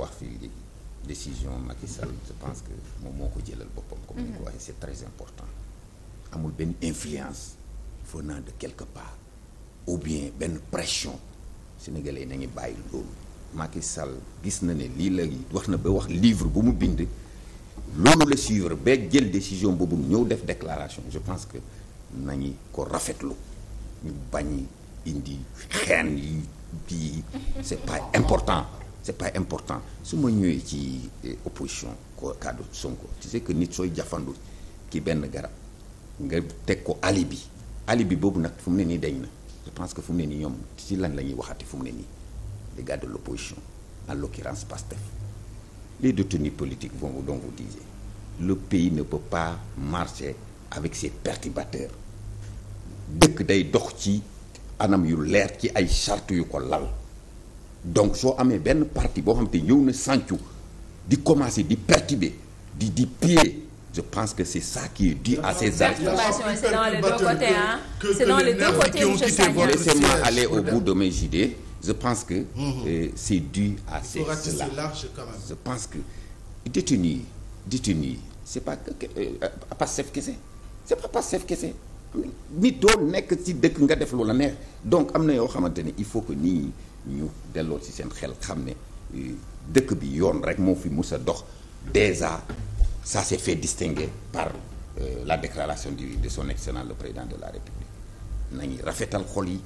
wax fii léegi décision Macky Sall je pense que moom moo ko jëlal boppam. comme ni ko waxee c'est très important. amul benn influence naa de quelque part ou bien benn pression sénégalais nañu bàyyi loolu. Macky gis na ne lii la wax na ba wax livre bu mu bind loolu la suivre ba jël décision boobu ñëw def déclaration je pense que nañu ko rafetlu ñu bañ indi xeen yi bii c'est pas important. c'est pas important su ma ñëwee ci eh, opposition ko kaddu Sonko tu sais que nit sooy jafandu ci benn garab nga teg ko alibi alibi boobu nag fu mu ne nii dañ na je pense que fu mu ne nii ñoom ci lan la ñuy waxati fu mu ne nii les gars de l'opposition en l'occurrence Pastef les détenus politiques vont dont vous disiez le pays ne peut pas marché avec ses perturbateurs dëkk day dox ci anam yu leer ci ay charte yu ko lal donc soo amee benn parti boo xam te ñëw na sàncu di commencer di perturber di di piller je pense que c'est ça qui est dû à ces arrestations. c'est dans les deux côtés hein. c'est je pense que. Mm-hmm. Euh, à ces cela je pense que détenu yi détenu yi c'est pas que euh, Pastef kese c'est pas Pastef kese nit doo nekk si dëkk nga def lu la neex donc am na yoo xamante ne il faut que nii. ñu delloo ci seen xel xam ne euh, dëkk bi yoon rek moo fi mus a dox déjà ça s'est fait distinguer par euh, la déclaration du de son excellence le président de la république nañu rafetal xol yi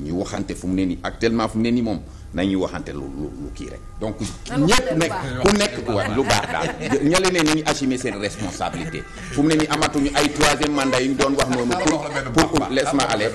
ñu waxante fu mu ne nii actuellement fu mu ne nii moom nañuy waxante lu lu lu kii rek donc ah, ñëpp nekk ku nekk waaw lu baax daal ña leen ne nañu assumer seen responsabilité fu mu ne nii amatuñu ay troisième mandat yu ñu doon wax noonu ah, pour pour laisse-moi aller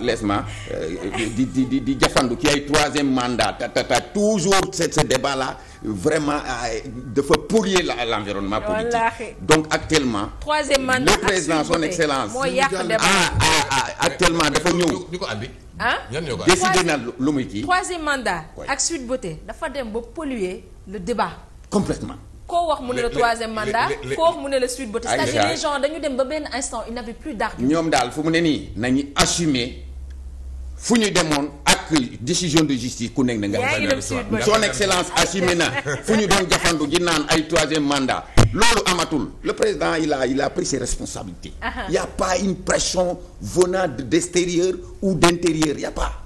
laisse-moi euh, di di di di jafandu ci ay troisième mandat ta ta ta toujours ce ce débat là vraiment euh, dafa pourrir la l'environnement politique donc actuellement troisième mandat le président son excellence ah ah ah actuellement dafa ñëw ñu ko andi ah décidé na lu muy kii troisième mandat ak Sweet Beauté dafa dem ba polluer le débat complètement koo wax mu ne le troisième mandat koo wax mu ne le Sweet Beauté cest à dañu dem ba benn instant il n'avait plus d'argument ñoom daal fu mu ne nii nañu assumer fu ñu demoon ak décision de justice ku nekk na nga son excellence assumer na fu ñu doon jafandu ji naan ay troisième mandat loolu amatul le président il a il a ses responsabilités. il y a pas une pression venant de d'extérieur ou d'intérieur il y a pas.